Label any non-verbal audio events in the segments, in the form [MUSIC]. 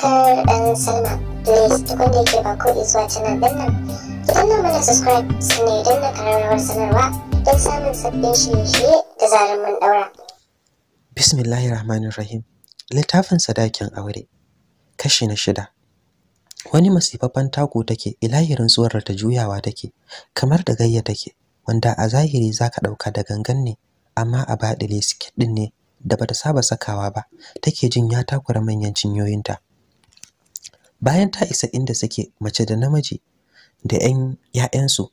subscribe and sign up. Please tukunde ke ba ko zuwa canal din nan. Ki danna mana subscribe sannan idan na karar sanarwa don samun sabbin shirye-shirye da zarar mun daura. Bismillahirrahmanirrahim. Littafin sadakin aure. Kashi na shida. Wani masifaffan taku take ilahirin tsorar ta juyawa take kamar da gayya take wanda a zahiri zaka dauka da gangan ne amma a baɗile sikit din ne da bata saba sakawa ba take jin ya takura manyan cinyoyinta bayan ta isa inda suke mace da namiji da 'yan 'ya'yansu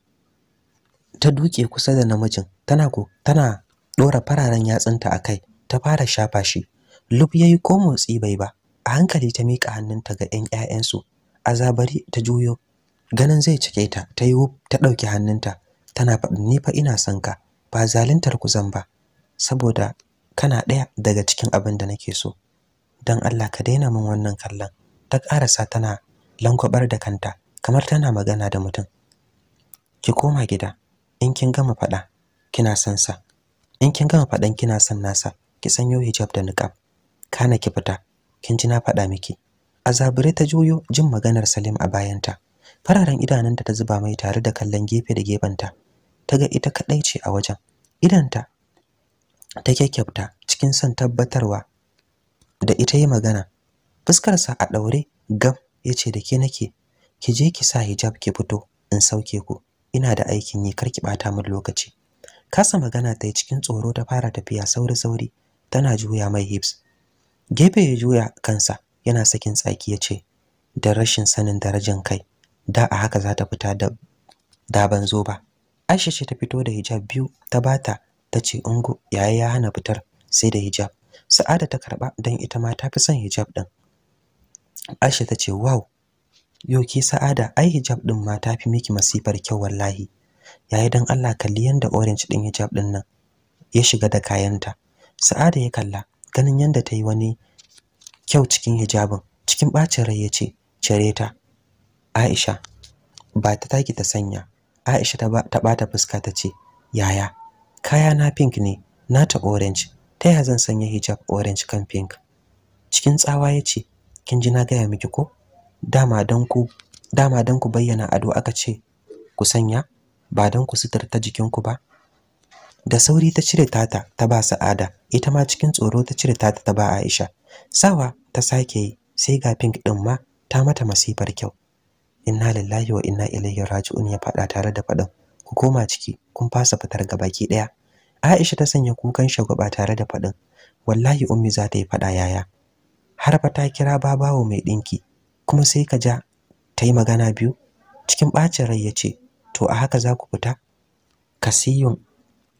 ta duke kusa da namijin tana ko tana dora fararen yatsunta a kai ta fara shafa shi lub yayi ko motsi bai ba a hankali ta miƙa hannunta ga 'yan 'ya'yansu a zabari ta juyo ganin zai cike ta ta yi ta ɗauki hannunta tana faɗin ni fa ina son ka ba zaluntar ku zan ba saboda kana ɗaya daga cikin abin da nake so don Allah ka daina min wannan kallon ta ƙarasa tana lankwabar da kanta kamar tana magana da mutum ki koma gida in kin gama faɗa, kina son sa in kin gama faɗan, kina son nasa ki sanyo hijab da niqab kana ki fita kin ji na faɗa miki azabure ta juyo jin maganar Salim a bayanta fararen idananta ta zuba mai tare da kallon gefe da gefanta ta ga ita kadai ce a wajen idanta ta kyafta cikin son tabbatarwa da ita yi magana fuskarsa a ɗaure gam ya ce da ke nake ki je ki sa hijab ki fito in sauke ku ina da aikin yi kar ki ɓata min lokaci kasa magana ta yi cikin tsoro ta fara tafiya sauri sauri tana juya mai hips gefe ya juya kansa yana sakin tsaki ya ce da rashin sanin darajan kai da a haka za ta fita da da ban zo ba Aisha ce ta fito da hijab biyu ta bata ta ce ungo yayi ya hana fitar sai da hijab Sa'ada ta karba dan ita ma ta fi son hijab din Aisha ta ce wow yo ke sa'ada ai hijab din ma ta fi miki masifar kyau wallahi yayi dan Allah kalli yanda orange din hijab din nan ya shiga da kayanta sa'ada ya kalla ganin yanda ta yi wani kyau cikin hijabin cikin bacin rai ya ce cire ta Aisha ba ta taki ta sanya Aisha ta ta bata fuska ta ce yaya kaya na pink ne na nata orange ta ya zan sanya hijab orange kan pink cikin tsawa ya ce kin ji na gaya miki ko dama dan ku dama dan ku bayyana ado aka ce ku sanya ba dan ku suturta ku ba da sauri ta cire tata ta ba Sa'ada ita ma cikin tsoro ta cire tata ta ba Aisha sawa ta sake yi sai ga pink din ma ta mata masifar kyau inna lillahi wa inna ilaihi raji'un ya fada tare da fadan ku koma ciki kun fasa fitar ga baki daya Aisha ta sanya kukan shagwaba tare da faɗin, wallahi ummi za ta yi faɗa yaya har fa ta kira babawo mai dinki, kuma sai ka ja ta yi magana biyu cikin ɓacin rai ya ce to a haka za ku fita kasiyun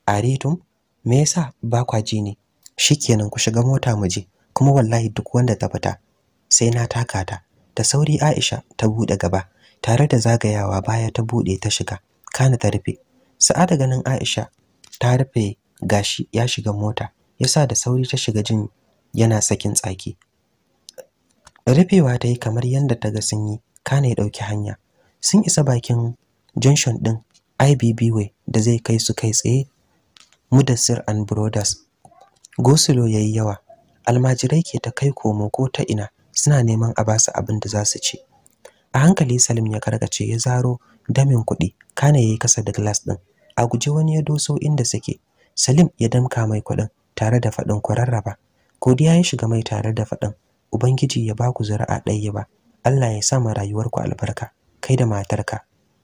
aritum me yasa ba kwa ji ne Shi kenan ku shiga mota mu je kuma wallahi duk wanda ta fita sai na taka ta da sauri Aisha ta buɗe gaba tare da zagayawa baya ta buɗe ta shiga kana ta rufe Sa'a da ganin Aisha ta rufe gashi ya shiga mota yasa da sauri ta shiga jin yana sakin tsaki rufewa ta yi kamar yadda ta ga sun yi kane ya ɗauki hanya sun isa bakin junction ɗin ibb way da zai kai su kai tsaye mudassir and brothers gosulo ya yi yawa almajirai ke ta kai komo ko ta ina suna neman a basu abin da za su ci a hankali salim ya karkace ya zaro damin kuɗi kane ya yi kasa da glass ɗin a guje wani ya doso inda suke salim ya damka mai kuɗin tare da faɗin kwararraba godiya ya shiga mai tare da faɗin ubangiji ya baku zuri'a ɗaya ba Allah ya sa rayuwarku albarka kai da matarka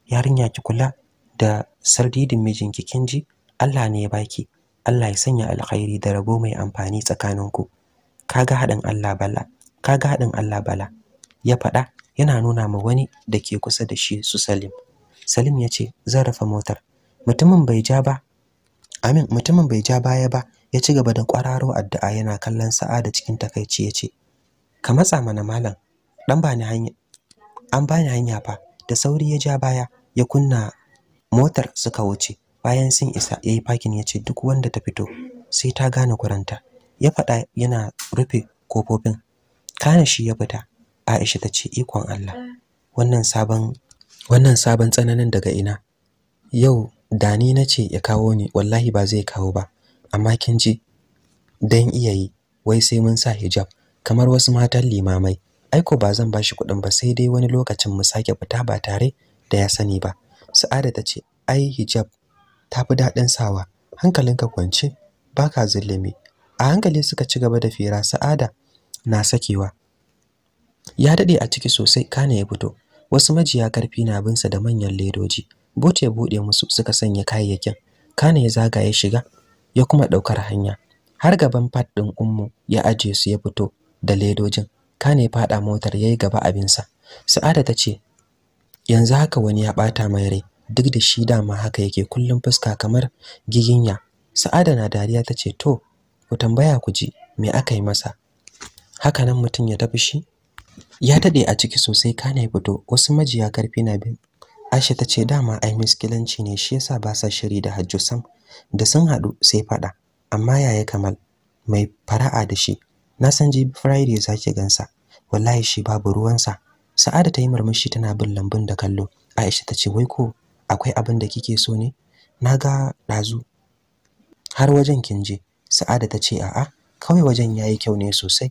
yarinya ki kula da sardidin mijinki kin ji Allah ne ya baki Allah ya sanya alkhairi da rabo mai amfani tsakaninku ga haɗin Allah bala ga haɗin Allah bala ya faɗa yana nuna ma wani da ke kusa da shi su Salim Salim ya ce zan motar mutumin bai ja ba Amin mutumin bai ja baya ba ya ci gaba da kwararo addu'a yana kallon Sa'a da cikin takaici ya ce ka matsa mana malam dan ba hanya an bani hanya fa da sauri ya ja baya ya kunna motar suka wuce bayan sun isa yayi parking yace duk wanda ta fito sai ta gane kuranta ya faɗa yana rufe kofofin kana shi ya fita Aisha tace ikon Allah wannan sabon wannan sabon tsananin daga ina yau dani nace ya kawo ni wallahi ba zai kawo ba amma kin ji dan iyayi wai sai mun sa hijab kamar wasu matan limamai aiko ba zan bashi kuɗin ba sai dai wani lokacin mu sake fita ba tare da ya sani ba sa'ada ta ce ai hijab tafi fi daɗin sawa hankalinka kwance baka zulumi a hankali suka ci gaba da fira sa'ada na sakewa ya daɗe a ciki sosai kana ya fito wasu majiya karfi na binsa da manyan ledoji bote bude musu suka sanya kayayyakin kana ya zaga ya shiga ya kuma ɗaukar hanya har gaban fat ɗin ummu ya aje su ya fito da ledojin kane fada motar yayi gaba abinsa sa'ada ta ce yanzu haka wani ya bata mai rai duk da shi dama haka yake kullum fuska kamar giginya sa'ada na dariya ta ce to ku tambaya ku ji me aka yi masa haka nan mutum ya tafi shi ya dade a ciki sosai kane fito wasu majiya karfi na bin Aisha ta ce dama ai miskilanci ne shi yasa ba sa shiri da Hajjo da sun haɗu sai faɗa. amma yaya Kamal mai fara'a da shi na san jibi friday zaki gansa wallahi shi babu sa sa'ada ta yi murmushi tana bin lambun da kallo aisha ta ce wai ko akwai abin da kike so ne na ga ɗazu har wajen kin je sa'ada ta ce a'a kawai wajen yayi kyau ne sosai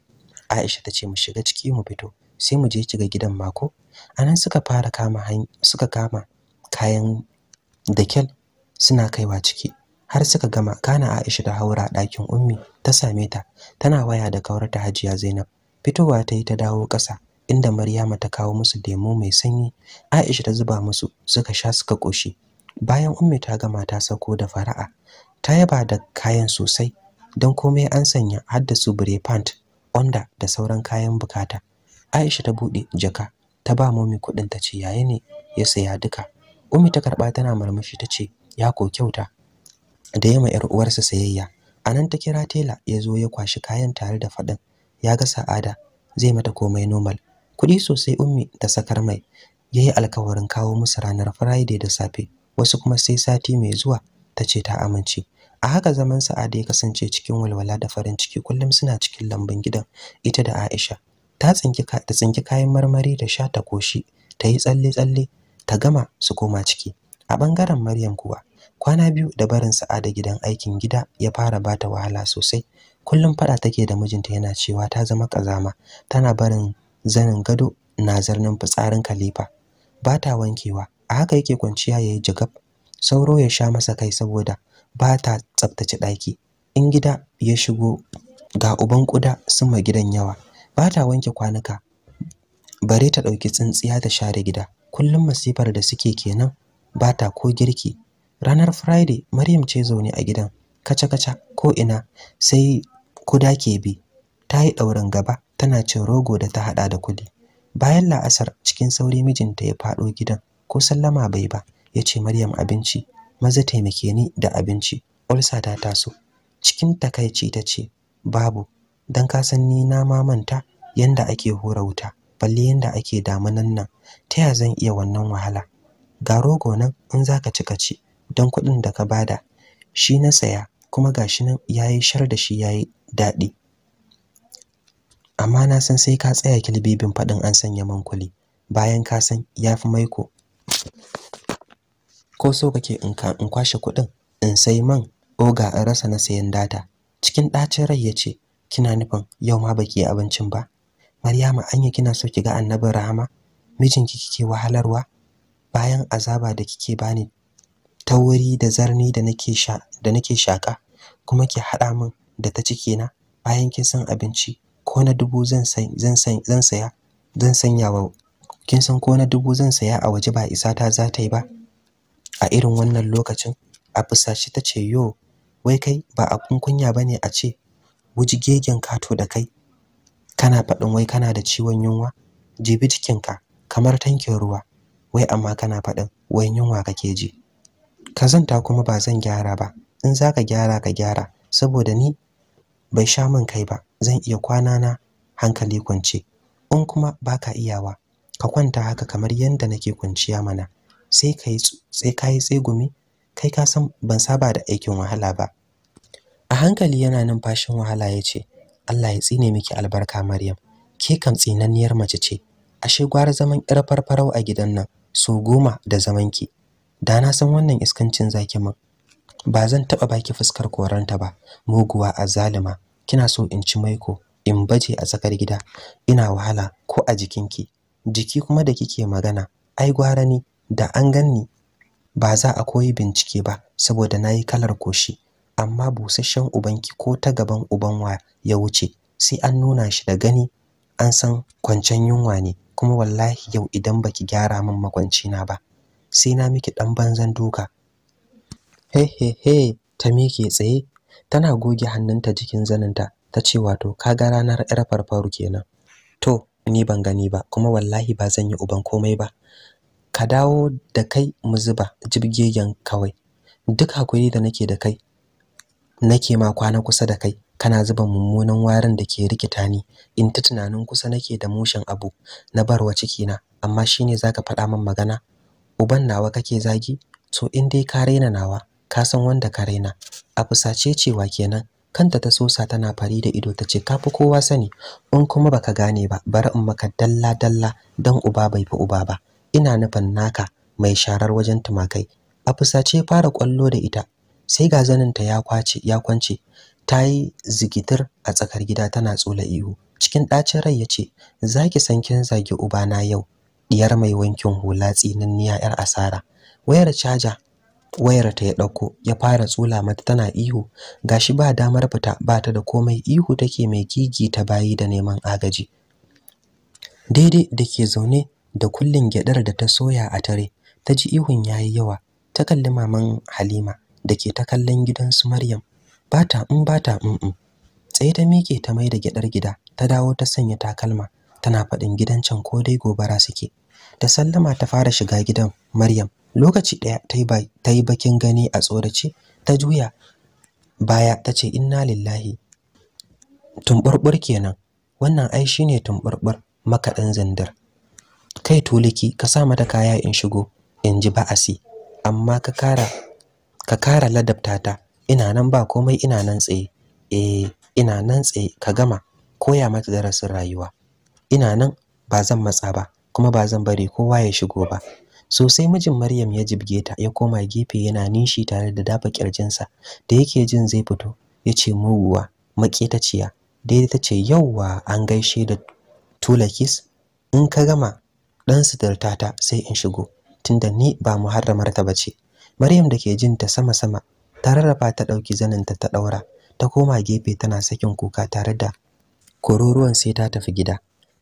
aisha ta ce mu shiga ciki mu fito sai mu je kiga gidan mako anan suka fara kama suka kama kayan dakel suna kaiwa ciki har suka gama kana Aisha ta haura ɗakin ummi ta same ta tana waya da ta Hajiya Zainab fitowa ta yi ta dawo ƙasa inda Maryama ta kawo musu lemo mai sanyi Aisha ta zuba musu suka sha suka koshi bayan ummi ta gama ta sako da fara'a ta yaba da kayan sosai don komai an sanya har da su bure pant onda da sauran kayan bukata Aisha ta buɗe jaka ta ba mummy kuɗin ta ce yayi ne ya saya duka ummi ta karba tana murmushi ta ce ya ko kyauta da ya ma ‘yar uwarsa sayayya. A nan ta kira tela ya zo ya kwashi kayan tare da faɗin ya ga sa'ada zai mata komai normal. Kuɗi sosai ummi da sakar mai ya yi alkawarin kawo musu ranar Friday da safe wasu kuma sai sati mai zuwa ta ce ta amince. A haka zaman sa'ada ya kasance cikin walwala da farin ciki kullum suna cikin lambun gidan ita da Aisha. Ta tsinki ta tsinki kayan marmari da sha ta koshi ta yi tsalle-tsalle ta gama su koma ciki. A bangaren Maryam kuwa kwana biyu da barin Sa'a da gidan aikin gida ya fara bata wahala sosai kullum fada take da mijinta yana cewa ta zama kazama tana barin zanin gado na zarnin fitsarin kalifa bata wankewa a haka yake kwanciya yayi jigab sauro ya sha masa kai saboda bata ta tsaftace ɗaki in gida ya shigo ga uban kuda suma gidan yawa bata wanke kwanuka bare ta ɗauki tsintsiya ta share gida kullum masifar da suke kenan bata ko girki Ranar Friday Maryam ce zaune a gidan kaca-kaca ko ina sai kuda ke bi. Ta yi ɗaurin gaba tana cin rogo da ta haɗa da kuli. Bayan la'asar cikin sauri mijinta ya faɗo gidan ko sallama bai ba ya ce Maryam abinci maza taimake ni da abinci ulsa ta taso. Cikin takaici ta ce babu don ka san ni na mamanta yanda ake hura wuta balle yanda ake damunan nan ta ya zan iya wannan wahala ga rogo nan in zaka ci ka ci don kuɗin da ka bada shi na saya kuma gashi nan yayi shar da shi yayi daɗi amma na san sai ka tsaya kilbibin faɗin an sanya man kuli bayan ka san ya fi maiko ko so kake in in kwashe kuɗin in sai man oga in rasa na sayan data cikin ɗacin rai ya ce kina nufin yau ma baki abincin ba Maryama anya kina so kiga annabin rahama mijinki kike wahalarwa bayan azaba da kike bani Ta wuri da zarni da nake sha da nake shaka kuma ki haɗa min da ta na bayan kin san abinci ko na dubu zan zan zan saya zan sanya wa kin san ko na dubu zan saya a waje ba isa ta za ta yi ba a irin wannan lokacin a fusashi ta ce yo wai kai ba a kunkunya kunya ne, a ce wuji gegen kato da kai kana faɗin wai kana da ciwon yunwa jibi ka kamar tankin ruwa wai amma kana faɗin wai yunwa kake ji kazanta kuma ba zan gyara ba in zaka gyara ka gyara saboda ni bai sha min kai ba zan iya kwana na hankali kwance in kuma baka iyawa ka kwanta haka kamar yadda nake kwanciya mana sai ka yi sai kai tsegumi kai ka san ban saba da aikin wahala ba a hankali yana numfashin wahala ya ce Allah ya tsine miki albarka Maryam ke kam tsinanniyar mace ce ashe gwara zaman yar farfarau a gidan nan so goma da zaman ki da na san wannan iskancin zaki min ba zan taba baki fuskar koranta ba muguwa azalima kina so in ci maiko in baje a tsakar gida ina wahala ko a jikinki jiki kuma da kike magana ai gwara ni da an ganni ba za a koyi bincike ba saboda nayi kalar koshi amma busasshen ubanki ko ta gaban uban wa ya wuce sai an nuna shi da gani an san kwancen yunwa ne kuma wallahi yau idan baki gyara min makwanci na ba sai na miki dan banzan duka he he he ta miƙe tsaye tana goge hannunta jikin zaninta ta ce wato kaga ranar yar farfaru kenan to ni ban gani ba kuma wallahi ba zan yi uban komai ba ka dawo da kai mu zuba jibgegen kawai duk hakuri da nake da kai nake ma kwana kusa da kai kana zuba mummunan warin da ke rikita ni in ta tunanin kusa nake da mushin abu na barwa cikina amma shine zaka faɗa min magana uban nawa kake zagi to in dai ka raina nawa ka san wanda ka raina a fusace cewa kenan kanta ta sosa tana fari da ido Ta tace kafi kowa sani in kuma baka gane ba bari in maka dalla dalla dan uba bai fi uba ba ina nufin naka mai sharar wajen tumakai a fusace fara kwallo da ita sai ga zaninta ya kwace ya kwance ta yi zigitir a tsakar gida tana tsola ihu cikin ɗacin rai ya ce za ki san kin zagi uba na yau diyar mai wankin hula tsinanniya yar asara wayar caja wayar ta ya dauko ya fara tsula mata tana ihu gashi ba damar fita ba ta da komai ihu take mai gigi ta bayi da neman agaji daidai da ke zaune da kullin gyaɗar da ta soya a tare ta ji ihun yayi yawa ta kalli maman Halima da ke ta kallon gidan su Maryam bata in mm, bata in mm, in. Mm. tsaye ta mike ta mai da gida ta dawo ta sanya takalma tana faɗin gidan can ko dai gobara suke da sallama ta fara shiga gidan Maryam lokaci ɗaya ta yi bakin gani a tsorace ta juya baya ta ce inna lillahi tumɓurɓur kenan wannan ai shine tumɓurɓur makaɗin zandar kai tuliki ka sa mata kaya in shigo in ji ba'asi amma ka kara ka kara ladabta ina nan ba komai ina nan tsaye eh ina nan tsaye ka gama koya mata darasin rayuwa ina nan ba zan matsa ba kuma ba zan bari kowa ya shigo ba sosai mijin Maryam ya jibge ta ya koma gefe yana nishi tare da dafa kirjinsa da yake jin zai fito ya ce muguwa maƙetaciya da ta ce yauwa an gaishe da tulakis in ka gama dan sitarta ta sai in shigo tunda ni ba muharramar ta bace Maryam da ke jin ta sama sama ta rarrafa ta dauki zaninta ta daura ta koma gefe tana sakin kuka tare da kororuwan sai ta tafi gida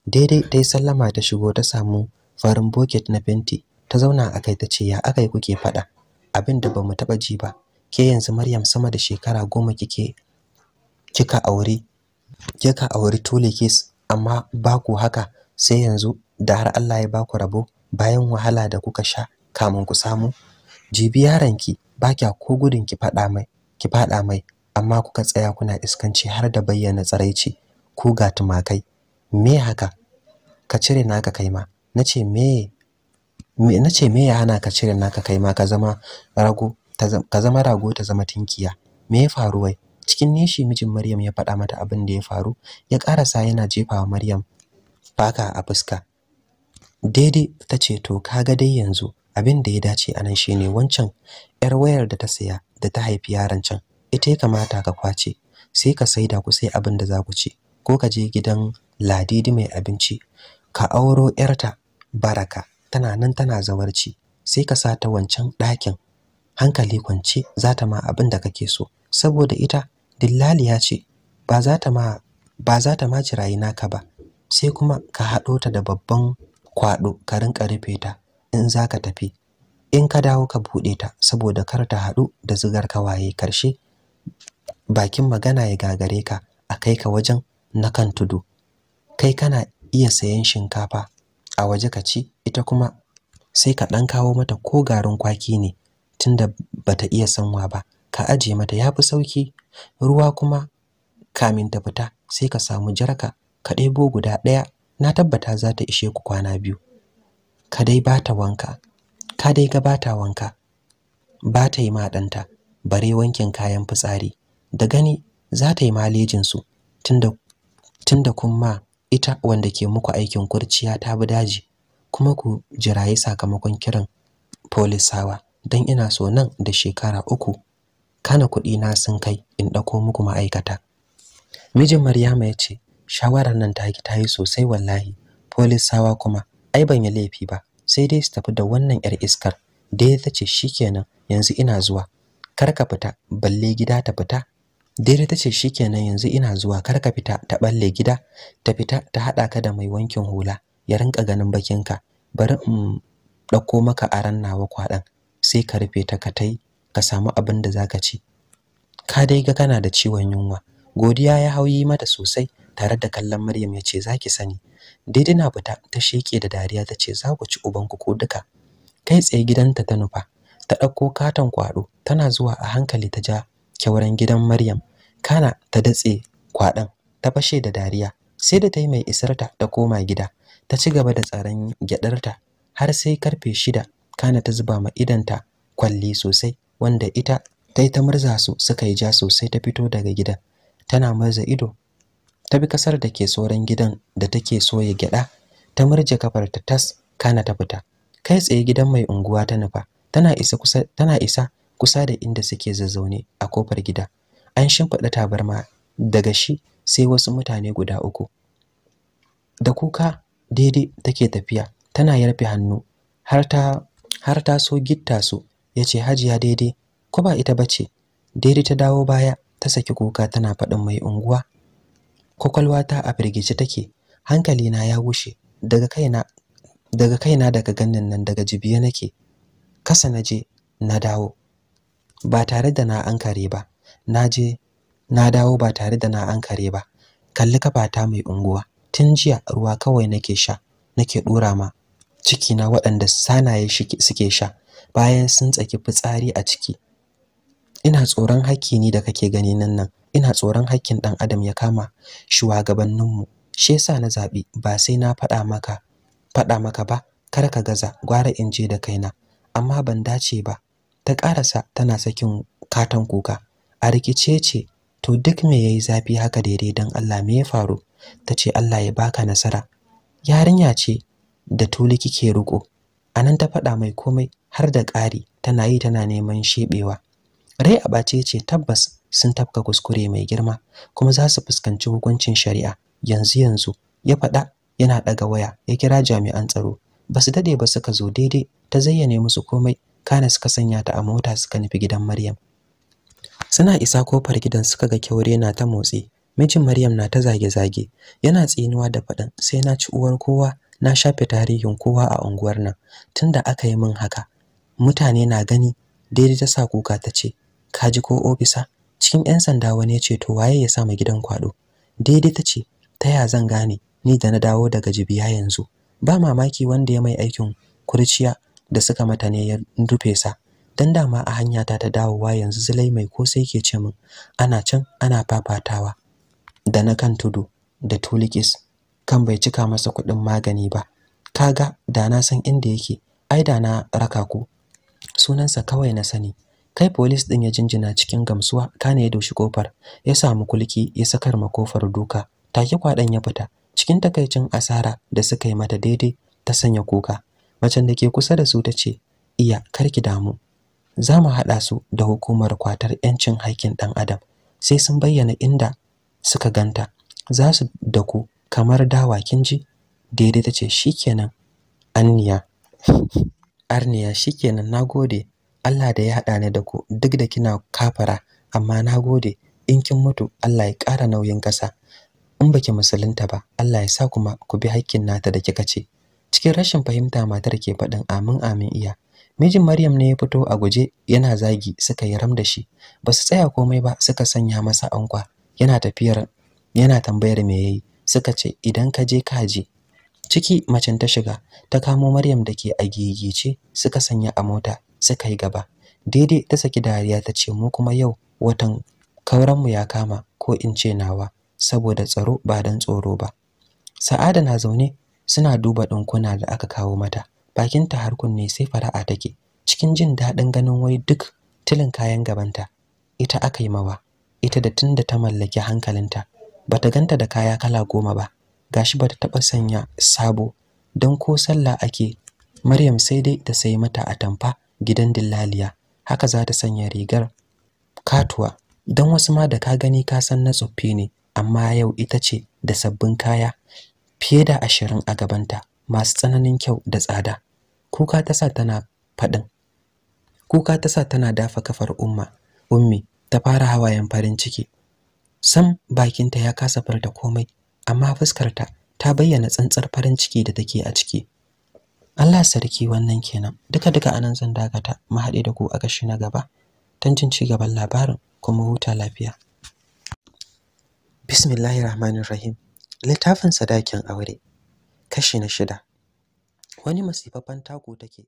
daidai dai sallama ta shigo ta samu farin bucket na binti ta zauna a kai ta ce ya akai kuke faɗa abin da bamu taɓa ji ba ke yanzu Maryam sama da shekara goma kike kika aure kika aure tole kes amma ba ku haka sai yanzu da har Allah ya baku rabo bayan wahala da kuka sha kamun ku samu jibi yaranki ba kya ko gudun ki faɗa mai ki faɗa mai amma kuka tsaya kuna iskanci har da bayyana tsaraici ko ga tumakai me haka ka cire naka kai ma nace me me ya hana ka cire naka kai ma ka zama rago ka zama rago ta zama tinkiya me ya faru wai cikin nishi mijin Maryam ya faɗa mata abin da ya faru ya karasa yana jefawa Maryam baka a fuska daidai ta ce to kaga dai yanzu abin da ya dace a nan shine wancan yar wayar da ta saya da ta haifi yaran can ita ya kamata ka kwace sai ka saida ku sai abin da za ku ci ko ka je gidan ladidi mai abinci ka auro yarta baraka tana nan tana zawarci sai ka sa ta wancan ɗakin hankali kwance za ta ma abin da kake so saboda ita dillaliya ce ba za ta ma ba naka ba sai kuma ka haɗo ta da babban kwaɗo ka rinka rufe ta in za ka tafi in ka dawo ka buɗe ta saboda kar ta haɗu da zigar waye karshe bakin magana ya gagare ka a kai ka wajen na kan tudu kai kana iya sayan shinkafa a waje ka ci ita kuma sai ka ɗan kawo mata ko garin kwaki ne tunda bata iya sanwa ba ka aje mata yafi sauki ruwa kuma kamin ta fita sai ka samu jarka ka ɗebo guda ɗaya na tabbata za ta ishe ku kwana biyu ka dai ta wanka ka dai ga bata wanka ba ta yi ma ɗanta bare wankin kayan fitsari da gani za ta yi malejin su tunda tunda kun ma ita wanda ke muku aikin kurciya ta bi daji kuma ku jirayi sakamakon kiran polisawa don ina so nan da shekara uku kana kuɗi na sun kai in ɗauko muku ma'aikata mijin maryama ya ce shawarar nan ta ta yi sosai wallahi polisawa kuma ai ban yi laifi ba sai dai su tafi da wannan yar iskar da ya ce shikenan yanzu ina zuwa kar ka fita balle gida ta fita Dare ta ce shikenan yanzu ina zuwa kar ka fita ta balle gida ta fita ta hada ka da mai wankin hula ya rinka ganin bakinka bari in dauko maka aran nawa kwadan sai ka rufe ta katai ka samu abin da zaka ci ka dai ga kana da ciwon yunwa godiya ya hauyi mata sosai tare da kallon Maryam ya ce zaki sani daidai na fita ta sheke da dariya ta ce za ku ci ubanku ko duka kai tsaye gidanta ta nufa ta ɗauko katon kwado tana zuwa a hankali ta ja kyauren gidan Maryam. Kana ta datse kwaɗan ta fashe da dariya sai da ta yi mai isarta ta koma gida ta ci gaba da tsaron gyaɗarta har sai karfe shida kana ta zuba ma idanta kwalli sosai wanda ita ta yi ta murza su suka yi ja sosai ta fito daga gidan tana murza ido ta bi kasar da ke sauran gidan da take ya gyaɗa ta murje kafar ta tas kana ta fita kai tsaye gidan mai unguwa ta nufa tana tana isa kusa da inda suke zazzaune a kofar gida an shimfiɗa tabarma daga shi sai wasu mutane guda uku da kuka daidai take tafiya tana yarfe hannu har ta har ta so gitta su yace hajiya daidai ko ba ita bace daidai ta dawo baya ta saki kuka tana faɗin mai unguwa kwakwalwata a firgici take hankalina ya wuce daga kaina daga kaina daga gannan nan daga jibiya nake kasa na je na dawo ba tare da na ankare ba na je na dawo ba tare da na ankare ba kalli kafata mai unguwa tun jiya ruwa kawai nake sha nake dora ma ciki na waɗanda sanaye suke sha bayan sun tsaki fitsari a ciki ina tsoron hakki ni da kake gani nan nan ina tsoron hakkin ɗan adam ya kama shugabanninmu shi yasa na zaɓi, ba sai na faɗa maka faɗa maka ba kar ka gaza gwara in je da kaina amma ban dace ba ta karasa tana sakin katon kuka a rikice ce to duk me yayi zafi haka daidai dan Allah me ya faru tace Allah ya baka nasara yarinya ce da tuli kike riko anan ta faɗa mai komai har da ƙari tana yi tana neman shebewa rai a bace ce tabbas sun tafka kuskure mai girma kuma za su fuskanci hukuncin shari'a yanzu yanzu ya faɗa yana ɗaga waya ya kira jami'an tsaro basu su daɗe ba suka zo daidai ta zayyane musu komai kana suka sanya ta a mota suka nufi gidan Maryam suna isa kofar gidan suka ga kyaure na ta motsi mijin Maryam na ta zage-zage yana tsinuwa da faɗin sai na ci uwar kowa na shafe tarihin kowa a unguwar nan tunda aka yi min haka mutane na gani daidai ta sa kuka ta ce ka ji ko ofisa cikin 'yan sanda wani ya ce to waye ya sa ma gidan kwado daidai ta ce ta ya zan gane ni da na dawo daga jibiya yanzu ba mamaki wanda ya mai aikin kurciya da suka mata ne ya rufe sa dan dama a hanya ta ta dawowa yanzu zulai mai kosai ke ce min ana can ana fafatawa da na kan tudu da tulikis kan bai cika masa kuɗin magani ba kaga da na san inda yake ai da na raka ku sunansa kawai na sani kai police din ya jinjina cikin gamsuwa kana ya doshi kofar ya samu kulki ya sakar ma kofar duka take kwadan ya fita cikin takaicin asara da suka yi mata daidai ta sanya kuka macen da ke kusa da su ta ce iya karki damu za mu haɗa su da hukumar kwatar 'yancin haikin ɗan adam sai sun bayyana inda suka ganta za su da ku kamar dawa kin ji daidai ta ce shikenan anniya arniya [LAUGHS] shikenan gode. Allah da ya haɗa ni da ku duk da kina kafara amma na gode. in kin mutu Allah ya ƙara nauyin ƙasa in baki musulunta ba Allah ya sa kuma ku bi haƙƙin nata da kika ce cikin rashin fahimta matar ke faɗin amin amin iya mijin maryam ne ya fito a guje yana zagi suka yi ram da shi ba su tsaya komai ba suka sanya masa ankwa yana tafiyar yana tambayar me yayi suka ce idan ka je ka je ciki macen ta shiga ta kamo maryam da ke a gigice suka sanya a mota suka yi gaba daidai ta saki dariya ta ce mu kuma yau watan kauranmu ya kama ko in ce nawa saboda tsaro ba don tsoro ba sa'ada na zaune suna duba ɗinkuna da aka kawo mata bakinta har kunne sai fara'a take cikin jin daɗin ganin wai duk tilin kayan gabanta ita aka yi mawa ita da tunda ta mallaki hankalinta bata ganta da kaya kala goma ba gashi bata taɓa sanya sabo don ko sallah ake Maryam sai dai ta sayi mata atamfa gidan dillaliya haka za ta sanya rigar katuwa don wasu ma da ka gani ka san na tsoffi ne amma yau ita ce da sabbin kaya fiye da ashirin a gabanta masu tsananin kyau da tsada kuka ta sa tana faɗin kuka ta sa tana dafa kafar umma ummi ta fara hawayen farin ciki sam bakinta ya kasa farta komai amma fuskarta ta bayyana tsantsar farin ciki da take a ciki Allah sarki wannan kenan duka duka anan zan dakata mu haɗe da ku a kashi na gaba don jin ci gaban labarin kuma huta lafiya Bismillahirrahmanirrahim littafin sadakin aure kashi na shida wani masifafan tako take